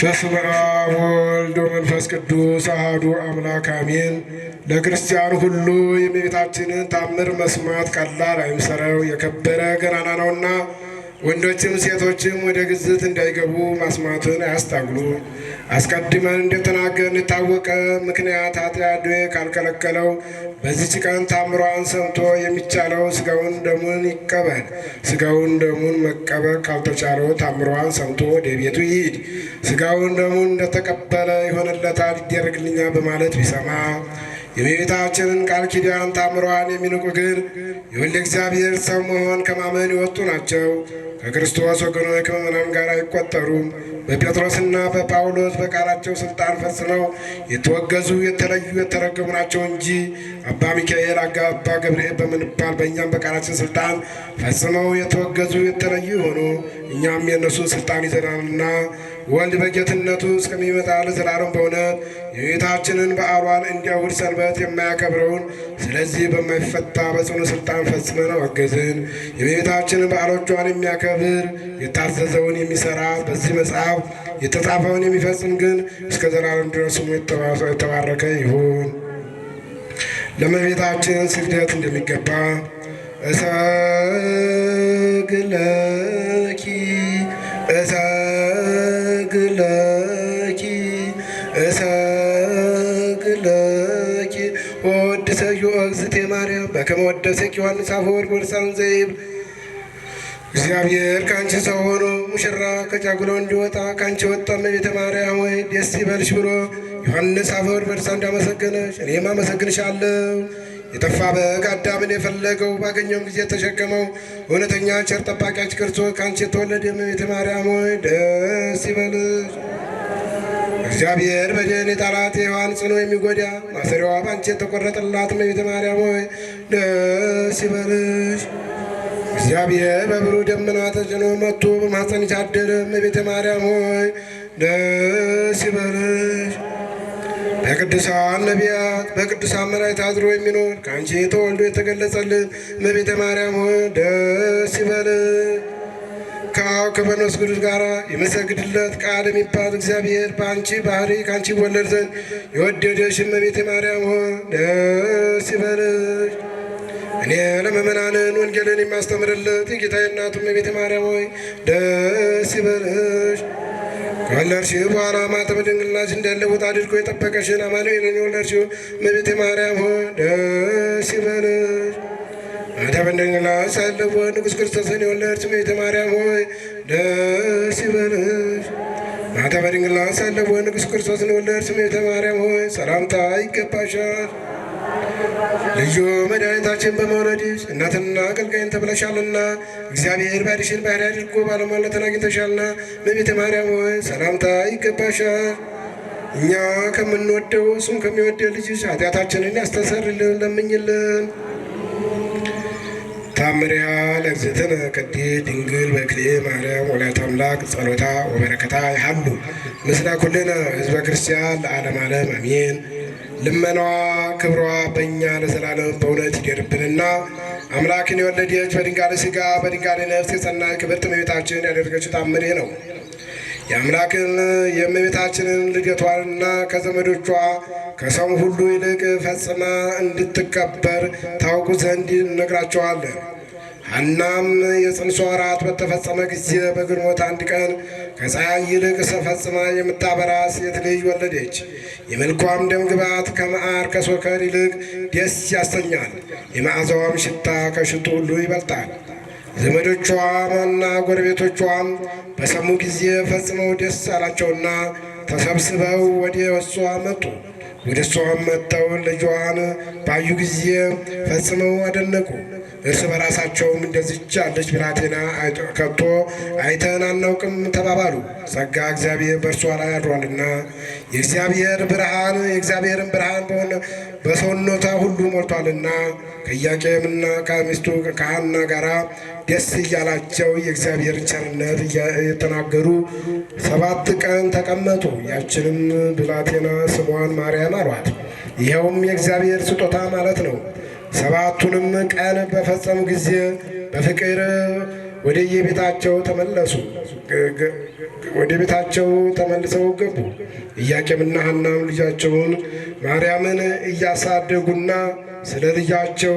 በስመ አብ ወወልድ ወመንፈስ ቅዱስ አሐዱ አምላክ አሜን። ለክርስቲያን ሁሉ የእመቤታችንን ታምር መስማት ቀላል አይምሰረው፣ የከበረ ገናና ነውና ወንዶችም ሴቶችም ወደ ግዝት እንዳይገቡ ማስማቱን አያስታግሉ። አስቀድመን እንደተናገርን ታወቀ ምክንያት ኃጢአት ካልከለከለው በዚች ቀን ታምሯን ሰምቶ የሚቻለው ስጋውን ደሙን ይቀበል። ስጋውን ደሙን መቀበል ካልተቻለው ታምሯን ሰምቶ ወደ ቤቱ ይሂድ። ስጋውን ደሙን እንደተቀበለ ይሆንለታል፣ ይደረግልኛ በማለት ቢሰማ የእመቤታችንን ቃል ኪዳን ታምሯን የሚንቁ ግን የወልደ እግዚአብሔር ሰው መሆን ከማመን የወጡ ናቸው። ከክርስቶስ ወገኖች ከምዕመናን ጋር አይቆጠሩም። በጴጥሮስና በጳውሎስ በቃላቸው ስልጣን ፈጽመው የተወገዙ የተለዩ የተረገሙ ናቸው እንጂ አባ ሚካኤል አባ ገብርኤል በምንባል በእኛም በቃላችን ስልጣን ፈጽመው የተወገዙ የተለዩ የሆኑ እኛም የእነሱን ስልጣን ይዘናልና ወልድ በጌትነቱ እስከሚመጣ ለዘላለም በእውነት የቤታችንን በዓሏን እንዲያውድ ሰንበት የማያከብረውን ስለዚህ በማይፈታ በጽኑ ስልጣን ፈጽመን አገዝን የቤታችንን በዓሎቿን የሚያከብር የታዘዘውን የሚሰራ በዚህ መጽሐፍ የተጻፈውን የሚፈጽም ግን እስከ ዘላለም ድረስ ስሙ የተባረከ ይሁን። ለመቤታችን ስግደት እንደሚገባ እሰግለ ወድሰኪ ወእግዝእቴ ማርያም በከመ ወደሰኪ ዮሐንስ አፈወርቅ ወርሳውን ዘይብ እግዚአብሔር ከአንቺ ሰው ሆኖ ሙሽራ ከጫጉላው እንዲወጣ ከአንቺ ወጣ እመቤተ ማርያም ወይ ደስ ይበልሽ ብሎ ዮሐንስ አፈወርቅ በእርሷ እንዳመሰገነሽ እኔም አመሰግንሻለሁ። የጠፋ በግ አዳምን የፈለገው ባገኘውም ጊዜ ተሸከመው። እውነተኛ ቸር ጠባቂያች ክርስቶስ ከአንቺ የተወለደ እመቤተ ማርያም ወይ ደስ ይበልሽ። እግዚአብሔር በደን የጣላት ዋን ጽኖ የሚጎዳ ማሰሪዋ ባንቺ የተቆረጠላት እመቤተ ማርያም ሆይ ደስ ይበልሽ። እግዚአብሔር በብሩህ ደመና ተጭኖ መጥቶ በማኅፀንሽ አደረ። እመቤተ ማርያም ሆይ ደስ ይበልሽ። በቅዱሳን ነቢያት በቅዱሳን መላእክት አድሮ የሚኖር ከአንቺ ተወልዶ የተገለጸልን እመቤተ ማርያም ሆይ ደስ ይበልሽ። ከአብ ከመንፈስ ቅዱስ ጋር የመሰግድለት ቃል የሚባል እግዚአብሔር በአንቺ ባህሪ ከአንቺ ወለድ ዘንድ የወደደሽ እመቤቴ ማርያም ሆ ደስ ይበልሽ። እኔ ለምእመናንን ወንጌልን የማስተምርለት የጌታዬ እናቱ እመቤቴ ማርያም ሆይ ደስ ይበልሽ። ከወለድሽው በኋላ ማኅተመ ድንግልናሽ እንዳይለወጥ አድርጎ የጠበቀሽን አማኑኤልን የወለድሽው እመቤቴ ማርያም ሆይ ደስ ይበልሽ። በደመና አሳለፈ ንጉሥ ክርስቶስን የወለድሽ ቤተ ማርያም ሆይ ደስ ይበልሽ። በድንግልና አሳለፈ ንጉሥ ክርስቶስን ማርያም ሆይ ሰላምታ ይገባሻል። ልዩ መድኃኒታችን በመውለድሽ እናትና አገልጋይን ተብለሻልና እግዚአብሔር አድርጎ ባለሟልነትን አግኝተሻልና ማርያም ሆይ ሰላምታ ይገባሻል። እኛ ከምንወደው እሱም ከሚወደ ልጅሽ ኃጢአታችንን ያስተሰርልን ለምኝልን። ታምሪያ ለእግዝእትነ ቅድስት ድንግል በክልኤ ማርያም ወላዲተ አምላክ ጸሎታ ወበረከታ ይሃሉ ምስለ ኩልነ ህዝበ ክርስቲያን ለዓለም ዓለም አሜን። ልመናዋ ክብሯ በእኛ ለዘላለም በእውነት ይደርብንና አምላክን የወለደች በድንጋሌ ሥጋ በድንጋሌ ነፍስ የጸናች ክብርት እመቤታችን ያደረገችው ታምሬ ነው። የአምላክን የእመቤታችንን ልደቷንና ከዘመዶቿ ከሰው ሁሉ ይልቅ ፈጽማ እንድትከበር ታውቁ ዘንድ እነግራቸዋለን። ሐናም የጽንሷ ወራት በተፈጸመ ጊዜ በግንቦት አንድ ቀን ከፀሐይ ይልቅ ፈጽማ የምታበራ ሴት ልጅ ወለደች። የመልኳም ግባት ከመዓር ከሶከር ይልቅ ደስ ያሰኛል። የመዓዛዋም ሽታ ከሽቱ ሁሉ ይበልጣል። ዘመዶቿና ጎረቤቶቿም በሰሙ ጊዜ ፈጽመው ደስ አላቸውና ተሰብስበው ወደ እሷ መጡ። ወደ እሷም መጥተው ልጇን ባዩ ጊዜ ፈጽመው አደነቁ። እርስ በራሳቸውም እንደዚች ያለች ብላቴና ከቶ አይተን አናውቅም ተባባሉ። ጸጋ እግዚአብሔር በእርሷ ላይ አድሯልና የእግዚአብሔር ብርሃን የእግዚአብሔርን ብርሃን በሆነ በሰውነቷ ሁሉ ሞልቷልና ከኢያቄምና ከሚስቱ ከሐና ጋራ ደስ እያላቸው የእግዚአብሔር ቸርነት የተናገሩ ሰባት ቀን ተቀመጡ። ያችንም ብላቴና ስሟን ማርያም አሏት። ይኸውም የእግዚአብሔር ስጦታ ማለት ነው። ሰባቱንም ቀን በፈጸሙ ጊዜ በፍቅር ወደ የቤታቸው ተመለሱ ወደ ቤታቸው ተመልሰው ገቡ። ኢያቄምና ሐናም ልጃቸውን ማርያምን እያሳደጉና ስለ ልጃቸው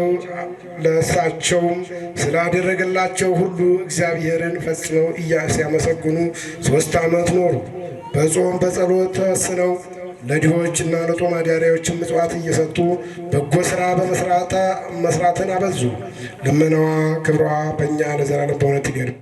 ለእሳቸውም ስላደረገላቸው ሁሉ እግዚአብሔርን ፈጽመው እያ ሲያመሰግኑ ሦስት ዓመት ኖሩ። በጾም በጸሎት ተወስነው ለድሆችና ለጦም አዳሪዎችም ምጽዋት እየሰጡ በጎ ስራ በመስራት መስራትን አበዙ። ልመናዋ ክብሯ በእኛ ለዘላለም በእውነት ይገርብ።